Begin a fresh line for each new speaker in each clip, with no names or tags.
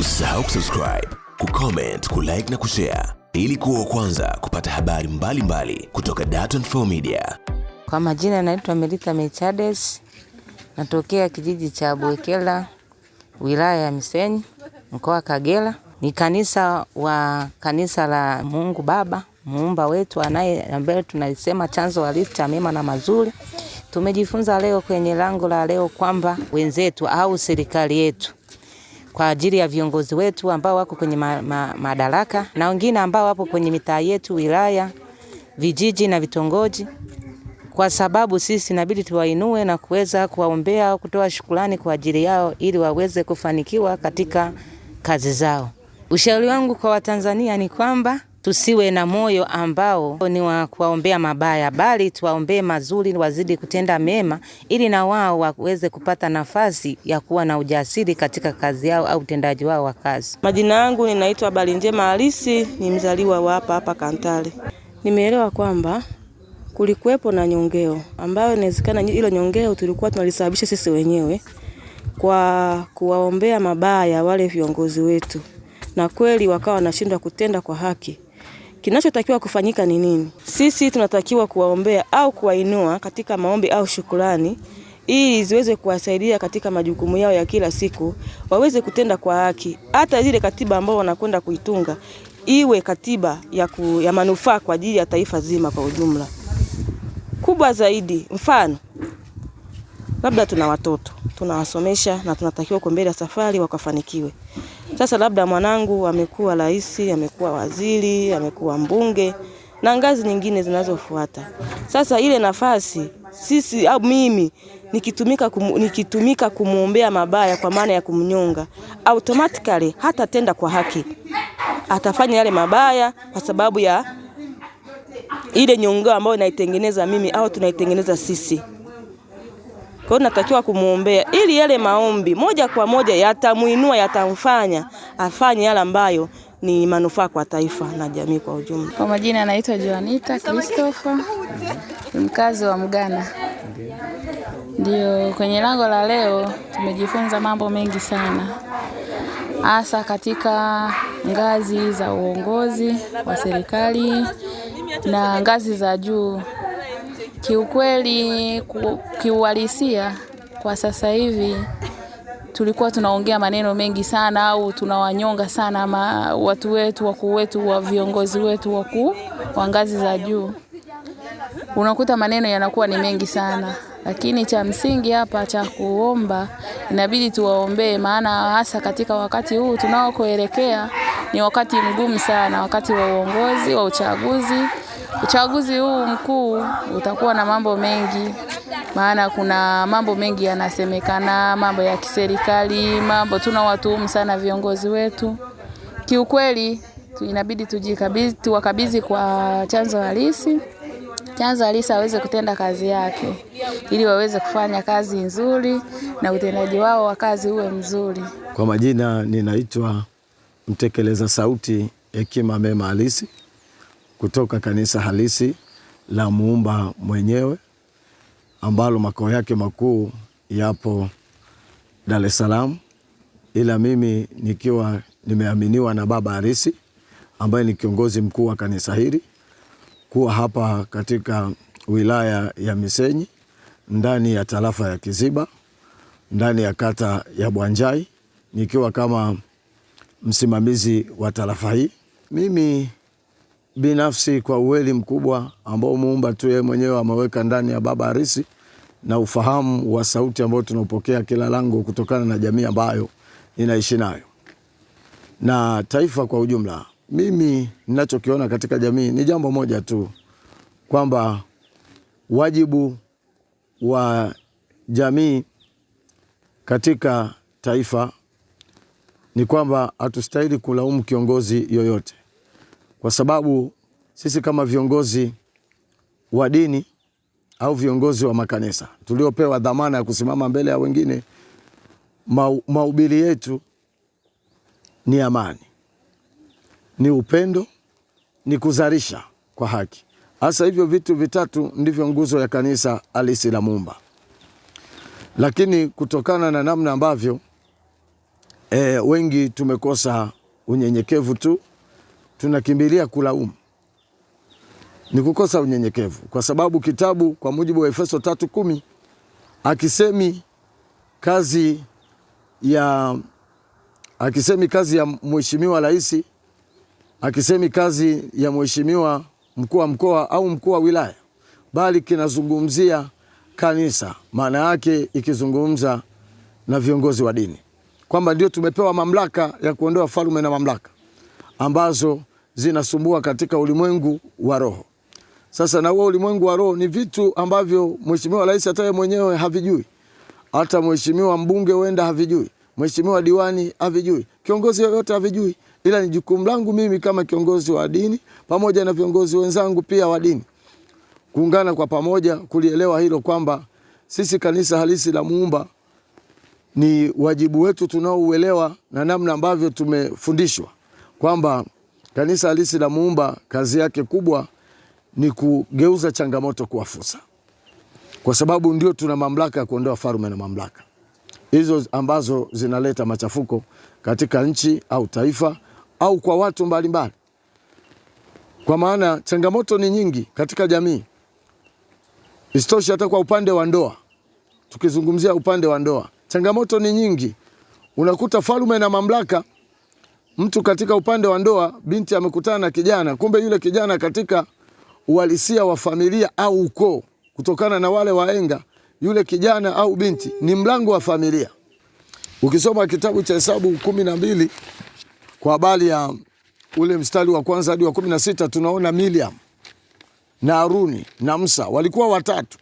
Usisahau kusubscribe, kucomment, kulike na kushare ili kuwa kwanza kupata habari mbalimbali mbali kutoka Dar24 Media.
Kwa majina naitwa Melita Mechades, natokea kijiji cha Bwekela, wilaya ya Misenyi, mkoa wa Kagera. Ni kanisa wa kanisa la Mungu Baba muumba wetu anaye ambaye tunalisema chanzo halisi cha mema na mazuri. Tumejifunza leo kwenye lango la leo kwamba wenzetu au serikali yetu kwa ajili ya viongozi wetu ambao wako kwenye ma, ma, madaraka na wengine ambao wapo kwenye mitaa yetu, wilaya, vijiji na vitongoji, kwa sababu sisi inabidi tuwainue na kuweza kuwaombea au kutoa shukrani kwa ajili yao ili waweze kufanikiwa katika kazi zao. Ushauri wangu kwa Watanzania ni kwamba tusiwe na moyo ambao ni wa kuwaombea mabaya, bali tuwaombee mazuri, wazidi kutenda mema, ili na wao waweze kupata nafasi ya kuwa na ujasiri katika kazi yao au utendaji wao wa kazi.
Majina yangu ninaitwa Bali Njema Halisi, ni mzaliwa wa hapa hapa Kantale. Nimeelewa kwamba kulikuwepo na nyongeo ambayo inawezekana hilo nyongeo tulikuwa tunalisababisha sisi wenyewe kwa kuwaombea mabaya wale viongozi wetu, na kweli wakawa wanashindwa kutenda kwa haki. Kinachotakiwa kufanyika ni nini? Sisi tunatakiwa kuwaombea au kuwainua katika maombi au shukurani ili ziweze kuwasaidia katika majukumu yao ya kila siku, waweze kutenda kwa haki. Hata zile katiba ambao wanakwenda kuitunga iwe katiba ya, ku, ya manufaa kwa ajili ya taifa zima kwa ujumla. Kubwa zaidi, mfano labda tuna watoto tunawasomesha, na tunatakiwa kwa mbele ya safari wakafanikiwe. Sasa labda mwanangu amekuwa rais, amekuwa waziri, amekuwa mbunge na ngazi nyingine zinazofuata. Sasa ile nafasi sisi au mimi nikitumika, kum, nikitumika kumwombea mabaya kwa maana ya kumnyonga, automatically tenda kwa haki, atafanya yale mabaya kwa sababu ya ile nyongeo ambayo naitengeneza mimi au tunaitengeneza sisi. Kwa hiyo natakiwa kumwombea ili yale maombi moja kwa moja yatamwinua, yatamfanya afanye yale ambayo ni manufaa kwa taifa na jamii kwa ujumla.
Kwa majina anaitwa Joanita Christopher, mkazi wa Mgana. Ndio, kwenye lango la leo tumejifunza mambo mengi sana, hasa katika ngazi za uongozi wa serikali na ngazi za juu Kiukweli, kiuhalisia, kwa sasa hivi tulikuwa tunaongea maneno mengi sana au tunawanyonga sana ma watu wetu wakuu wetu wa viongozi wetu wakuu wa ngazi za juu, unakuta maneno yanakuwa ni mengi sana, lakini cha msingi hapa cha kuomba, inabidi tuwaombee, maana hasa katika wakati huu tunaokoelekea ni wakati mgumu sana, wakati wa uongozi wa uchaguzi. Uchaguzi huu mkuu utakuwa na mambo mengi, maana kuna mambo mengi yanasemekana, mambo ya kiserikali, mambo tuna watuhumu sana viongozi wetu. Kiukweli inabidi tujikabidhi, tuwakabidhi kwa chanzo halisi, chanzo halisi aweze kutenda kazi yake, ili waweze kufanya kazi nzuri na utendaji wao wa kazi uwe mzuri.
Kwa majina, ninaitwa mtekeleza sauti Hekima Mema Halisi kutoka kanisa halisi la muumba mwenyewe ambalo makao yake makuu yapo Dar es Salaam, ila mimi nikiwa nimeaminiwa na baba harisi ambaye ni kiongozi mkuu wa kanisa hili kuwa hapa katika wilaya ya Misenyi ndani ya tarafa ya Kiziba ndani ya kata ya Bwanjai nikiwa kama msimamizi wa tarafa hii mimi binafsi kwa uweli mkubwa ambao muumba tu yeye mwenyewe ameweka ndani ya baba harisi na ufahamu wa sauti ambayo tunaopokea kila lango kutokana na jamii ambayo ninaishi nayo na taifa kwa ujumla. Mimi ninachokiona katika jamii ni jambo moja tu, kwamba wajibu wa jamii katika taifa ni kwamba hatustahili kulaumu kiongozi yoyote kwa sababu sisi kama viongozi wa dini au viongozi wa makanisa tuliopewa dhamana ya kusimama mbele ya wengine, mahubiri yetu ni amani, ni upendo, ni kuzalisha kwa haki. Hasa hivyo vitu vitatu ndivyo nguzo ya kanisa halisi la Muumba. Lakini kutokana na namna ambavyo e, wengi tumekosa unyenyekevu tu tunakimbilia kulaumu ni kukosa unyenyekevu, kwa sababu kitabu kwa mujibu wa Efeso tatu kumi akisemi kazi ya akisemi kazi ya mheshimiwa rais, akisemi kazi ya mheshimiwa mkuu wa mkoa au mkuu wa wilaya, bali kinazungumzia kanisa. Maana yake ikizungumza na viongozi wa dini kwamba ndio tumepewa mamlaka ya kuondoa falme na mamlaka ambazo zinasumbua katika ulimwengu wa roho. Sasa na huo ulimwengu wa roho ni vitu ambavyo mheshimiwa rais hata yeye mwenyewe havijui, hata mheshimiwa mbunge huenda havijui, mheshimiwa diwani havijui, kiongozi yoyote havijui, ila ni jukumu langu mimi kama kiongozi wa dini pamoja na viongozi wenzangu pia wa dini kuungana kwa pamoja kulielewa hilo kwamba sisi kanisa halisi la Muumba ni wajibu wetu tunaouelewa na namna ambavyo tumefundishwa kwamba kanisa halisi la Muumba kazi yake kubwa ni kugeuza changamoto kuwa fursa, kwa sababu ndio tuna mamlaka ya kuondoa farume na mamlaka hizo ambazo zinaleta machafuko katika nchi au taifa au kwa watu mbalimbali mbali. Kwa maana changamoto ni nyingi katika jamii. Isitoshe hata kwa upande wa ndoa, tukizungumzia upande wa ndoa, changamoto ni nyingi, unakuta farume na mamlaka mtu katika upande wa ndoa, binti amekutana na kijana, kumbe yule kijana katika uhalisia wa familia au ukoo, kutokana na wale waenga, yule kijana au binti ni mlango wa familia. Ukisoma kitabu cha Hesabu kumi na mbili kwa habari ya ule mstari wa kwanza hadi wa kumi na sita tunaona Miriam na Haruni na Musa walikuwa watatu,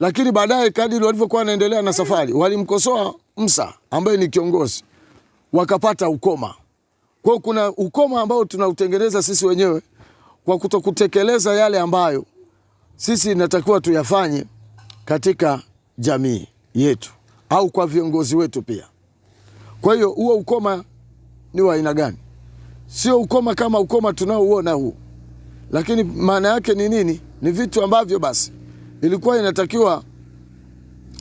lakini baadaye kadiri walivyokuwa wanaendelea na safari walimkosoa Musa ambaye ni kiongozi, wakapata ukoma kwa hiyo kuna ukoma ambao tunautengeneza sisi wenyewe kwa kutokutekeleza yale ambayo sisi inatakiwa tuyafanye katika jamii yetu au kwa viongozi wetu pia. Kwa hiyo huo ukoma ni wa aina gani? Sio ukoma kama ukoma tunaouona huu, lakini maana yake ni nini? Ni vitu ambavyo basi ilikuwa inatakiwa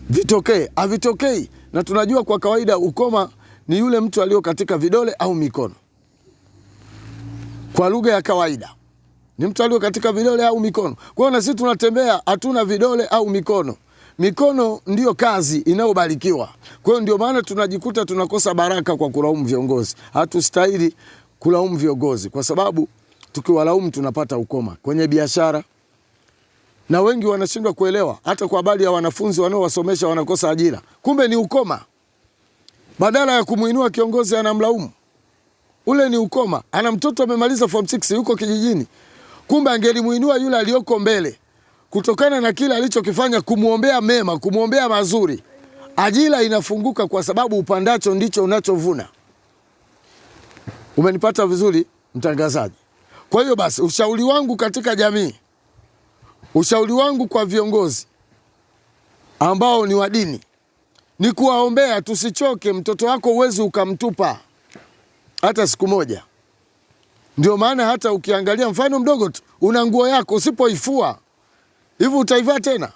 vitokee, havitokei. Na tunajua kwa kawaida ukoma ni yule mtu aliyo katika vidole au mikono kwa lugha ya kawaida ni mtu aliyo katika vidole au mikono. Kwa hiyo na sisi tunatembea hatuna vidole au mikono. Mikono ndiyo kazi inayobarikiwa. Kwa hiyo ndio maana tunajikuta tunakosa baraka kwa kulaumu viongozi. Hatustahili kulaumu viongozi kwa sababu tukiwalaumu tunapata ukoma kwenye biashara, na wengi wanashindwa kuelewa. Hata kwa habari ya wanafunzi wanaowasomesha wanakosa ajira, kumbe ni ukoma. Badala ya kumwinua kiongozi anamlaumu ule ni ukoma. Ana mtoto amemaliza form 6 yuko kijijini, kumbe angelimuinua yule aliyoko mbele kutokana na kile alichokifanya, kumwombea mema, kumwombea mazuri. Ajira inafunguka kwa sababu upandacho ndicho unachovuna. Umenipata vizuri mtangazaji? Kwa hiyo basi, ushauri wangu katika jamii, ushauri wangu kwa viongozi ambao ni wa dini ni kuwaombea tusichoke. Mtoto wako uwezi ukamtupa hata siku moja. Ndio maana hata ukiangalia mfano mdogo tu, una nguo yako, usipoifua hivi utaivaa tena?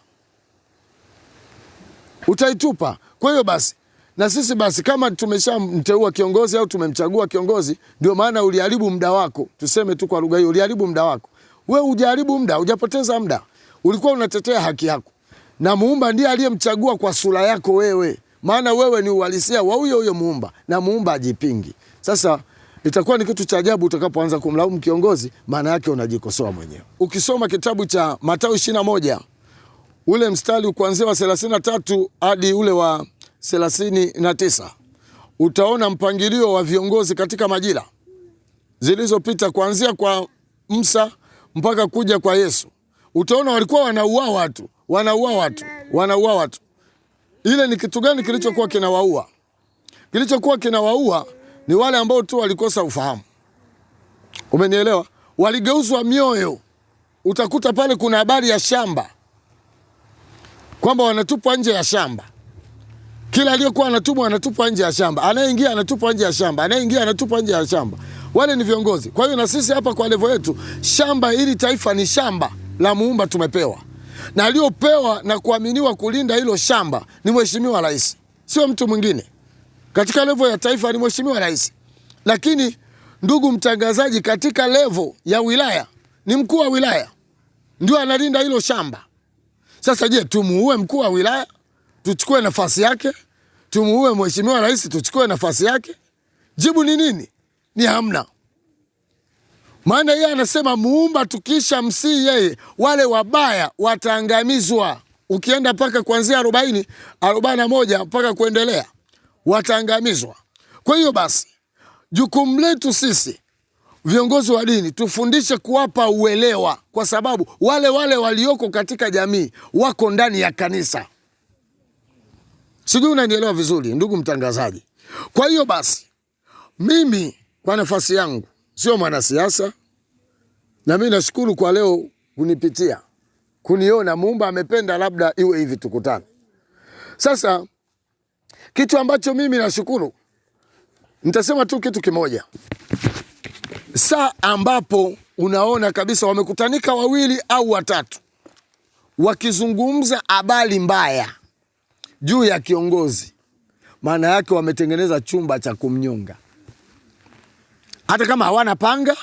Utaitupa. Kwa hiyo basi na sisi basi, kama tumeshamteua kiongozi au tumemchagua kiongozi, ndio maana uliharibu muda wako. Tuseme tu kwa lugha hiyo, uliharibu muda wako. Wewe hujaribu muda, hujapoteza muda, ulikuwa unatetea haki yako, na muumba ndiye aliyemchagua kwa sura yako wewe, maana wewe ni uhalisia wa huyo huyo muumba, na muumba ajipingi. Sasa itakuwa ni kitu cha ajabu utakapoanza kumlaumu kiongozi, maana yake unajikosoa mwenyewe. Ukisoma kitabu cha Mathayo 21 ule mstari kuanzia wa 33 hadi ule wa 39 utaona mpangilio wa viongozi katika majira zilizopita kuanzia kwa Musa mpaka kuja kwa Yesu. Utaona walikuwa wanaua watu, wanaua watu, wanaua watu. Ile ni kitu gani kilichokuwa kinawaua? Kilichokuwa kinawaua ni wale ambao tu walikosa ufahamu, umenielewa? Waligeuzwa mioyo. Utakuta pale kuna habari ya shamba kwamba wanatupwa nje ya shamba. Kila aliyokuwa anatumwa anatupwa nje ya shamba, anayeingia anatupwa nje ya shamba, anayeingia anatupwa nje ya shamba. Wale ni viongozi. Kwa hiyo na sisi hapa kwa levo yetu, shamba hili taifa ni shamba la Muumba, tumepewa na aliyopewa na kuaminiwa kulinda hilo shamba ni Mheshimiwa Rais, sio mtu mwingine katika levo ya taifa ni mheshimiwa rais, lakini ndugu mtangazaji, katika levo ya wilaya ni mkuu wa wilaya ndio analinda hilo shamba. Sasa je, tumuue mkuu wa wilaya tuchukue nafasi yake? Tumuue mheshimiwa rais tuchukue nafasi yake? Jibu ni nini? Ni hamna. Maana yeye anasema muumba, tukisha msii yeye, wale wabaya wataangamizwa. Ukienda mpaka kuanzia arobaini arobaini na moja mpaka kuendelea wataangamizwa. Kwa hiyo basi, jukumu letu sisi viongozi wa dini tufundishe kuwapa uelewa, kwa sababu wale wale walioko katika jamii wako ndani ya kanisa. Sijui unanielewa vizuri, ndugu mtangazaji. Kwa hiyo basi, mimi kwa nafasi yangu sio mwanasiasa, na mimi nashukuru kwa leo kunipitia, kuniona. Muumba amependa labda iwe hivi tukutane sasa kitu ambacho mimi nashukuru, nitasema tu kitu kimoja, saa ambapo unaona kabisa wamekutanika wawili au watatu wakizungumza habari mbaya juu ya kiongozi, maana yake wametengeneza chumba cha kumnyonga. Hata kama hawana panga,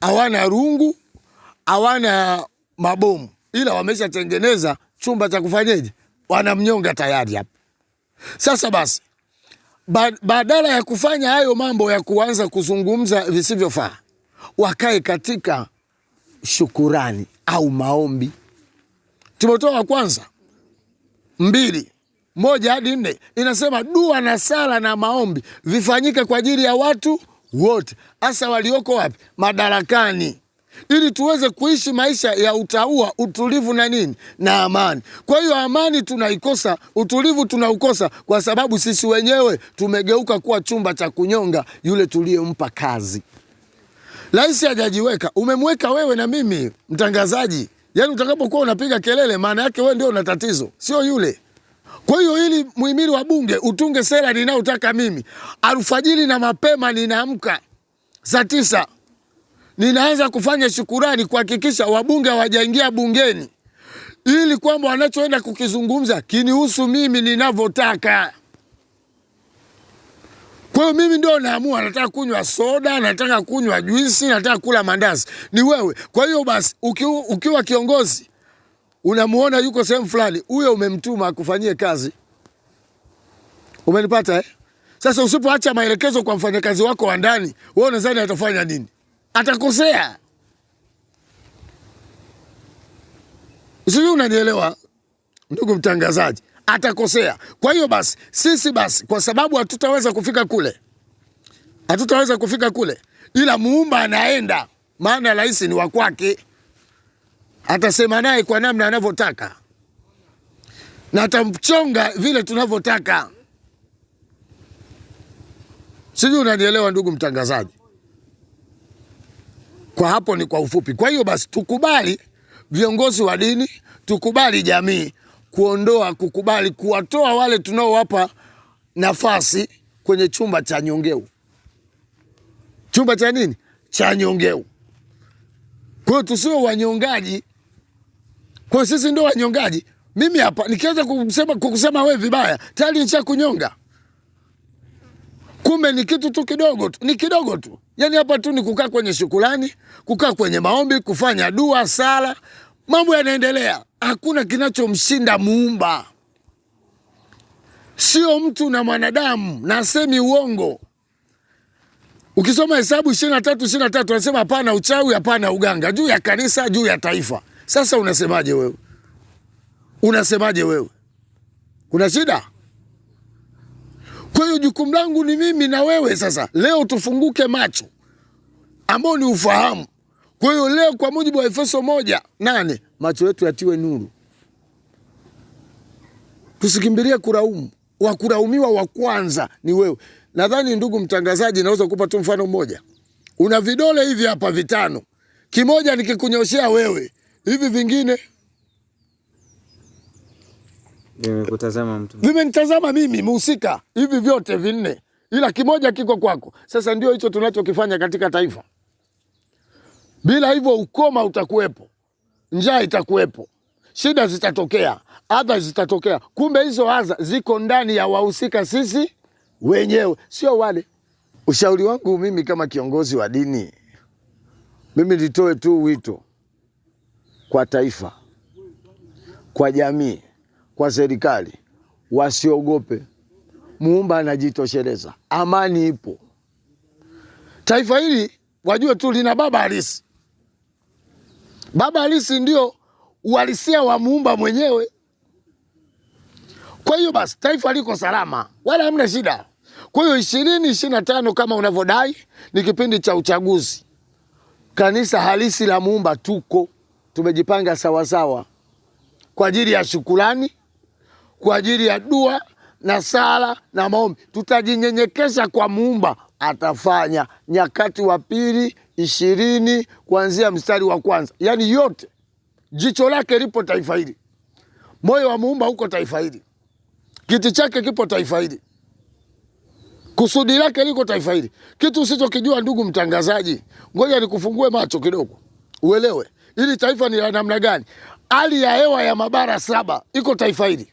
hawana rungu, hawana mabomu, ila wameshatengeneza chumba cha kufanyeje, wanamnyonga tayari hapa. Sasa basi, badala ya kufanya hayo mambo ya kuanza kuzungumza visivyofaa, wakae katika shukurani au maombi. Timotheo wa kwanza mbili moja hadi nne inasema dua na sala na maombi vifanyike kwa ajili ya watu wote, hasa walioko wapi? Madarakani ili tuweze kuishi maisha ya utaua, utulivu na nini na amani. Kwa hiyo amani tunaikosa, utulivu tunaukosa, kwa sababu sisi wenyewe tumegeuka kuwa chumba cha kunyonga yule tuliyempa kazi. Rais hajajiweka, umemweka wewe na mimi, mtangazaji. Yaani utakapokuwa unapiga kelele, maana yake wewe ndio una tatizo, sio yule. Kwa hiyo ili muhimili wa bunge utunge sera ninayotaka mimi, alfajiri na mapema ninaamka saa tisa ninaanza kufanya shukurani kuhakikisha wabunge hawajaingia bungeni ili kwamba wanachoenda kukizungumza kinihusu mimi ninavyotaka. Kwa hiyo mimi ndio naamua, nataka kunywa soda, nataka kunywa juisi, nataka kula mandazi, ni wewe. Kwa hiyo basi, ukiwa, ukiwa kiongozi unamuona yuko sehemu fulani, huyo umemtuma akufanyie kazi. Umenipata eh? Sasa usipoacha maelekezo kwa mfanyakazi wako wa ndani, wewe unadhani atafanya nini? atakosea. Sijui unanielewa ndugu mtangazaji, atakosea. Kwa hiyo basi sisi basi, kwa sababu hatutaweza kufika kule, hatutaweza kufika kule, ila muumba anaenda, maana rais ni wa kwake, atasema naye kwa namna anavyotaka na atamchonga vile tunavyotaka. Sijui unanielewa ndugu mtangazaji. Kwa hapo ni kwa ufupi. Kwa hiyo basi tukubali viongozi wa dini, tukubali jamii kuondoa, kukubali kuwatoa wale tunaowapa nafasi kwenye chumba cha nyongeu, chumba cha nini cha nyongeu. Kwa hiyo tusio wanyongaji, kwa sisi ndio wanyongaji. Mimi hapa nikianza kusema kukusema wewe vibaya tayari kunyonga Kumbe ni kitu tu kidogo tu, ni kidogo tu. yani hapa tu ni kukaa kwenye shukulani kukaa kwenye maombi, kufanya dua, sala, mambo yanaendelea. Hakuna kinachomshinda Muumba, sio mtu na mwanadamu, na uongo. Ukisoma Hesabu ishirini na tatu ishirini na tatu anasema hapana uchawi, hapana uganga, juu ya kanisa, juu ya taifa. Sasa unasemaje wewe? Unasemaje wewe? Kuna shida? Kwa hiyo jukumu langu ni mimi na wewe sasa leo tufunguke macho ambao ni ufahamu. Kwa hiyo leo kwa mujibu wa Efeso moja nane macho yetu yatiwe nuru, tusikimbilie kulaumu. Wakulaumiwa wa kwanza ni wewe. Nadhani ndugu mtangazaji, naweza kukupa tu mfano mmoja. Una vidole hivi hapa vitano, kimoja nikikunyoshea wewe hivi vingine
Vimekutazama mtu. Vimenitazama
mimi mhusika hivi vyote vinne. Ila kimoja kiko kwako. Sasa ndio hicho tunachokifanya katika taifa. Bila hivyo ukoma utakuwepo. Njaa itakuwepo. Shida zitatokea, adha zitatokea. Kumbe hizo adha ziko ndani ya wahusika sisi wenyewe, sio wale. Ushauri wangu mimi kama kiongozi wa dini, mimi nitoe tu wito kwa taifa, kwa jamii kwa serikali, wasiogope. Muumba anajitosheleza, amani ipo. Taifa hili wajue tu lina baba halisi. Baba halisi ndio uhalisia wa muumba mwenyewe. Kwa hiyo basi taifa liko salama, wala hamna shida. Kwa hiyo ishirini ishirini na tano kama unavyodai ni kipindi cha uchaguzi. Kanisa halisi la muumba tuko tumejipanga sawasawa kwa ajili ya shukurani kwa ajili ya dua na sala na maombi. Tutajinyenyekesha kwa Muumba, atafanya. Nyakati wa pili ishirini kuanzia mstari wa kwanza. Yaani yote jicho lake lipo taifa hili, moyo wa Muumba huko taifa hili, kiti chake kipo taifa hili, kusudi lake liko taifa hili. Kitu usichokijua ndugu mtangazaji, ngoja nikufungue macho kidogo uelewe hili taifa ni la namna gani. Hali ya hewa ya mabara saba iko taifa hili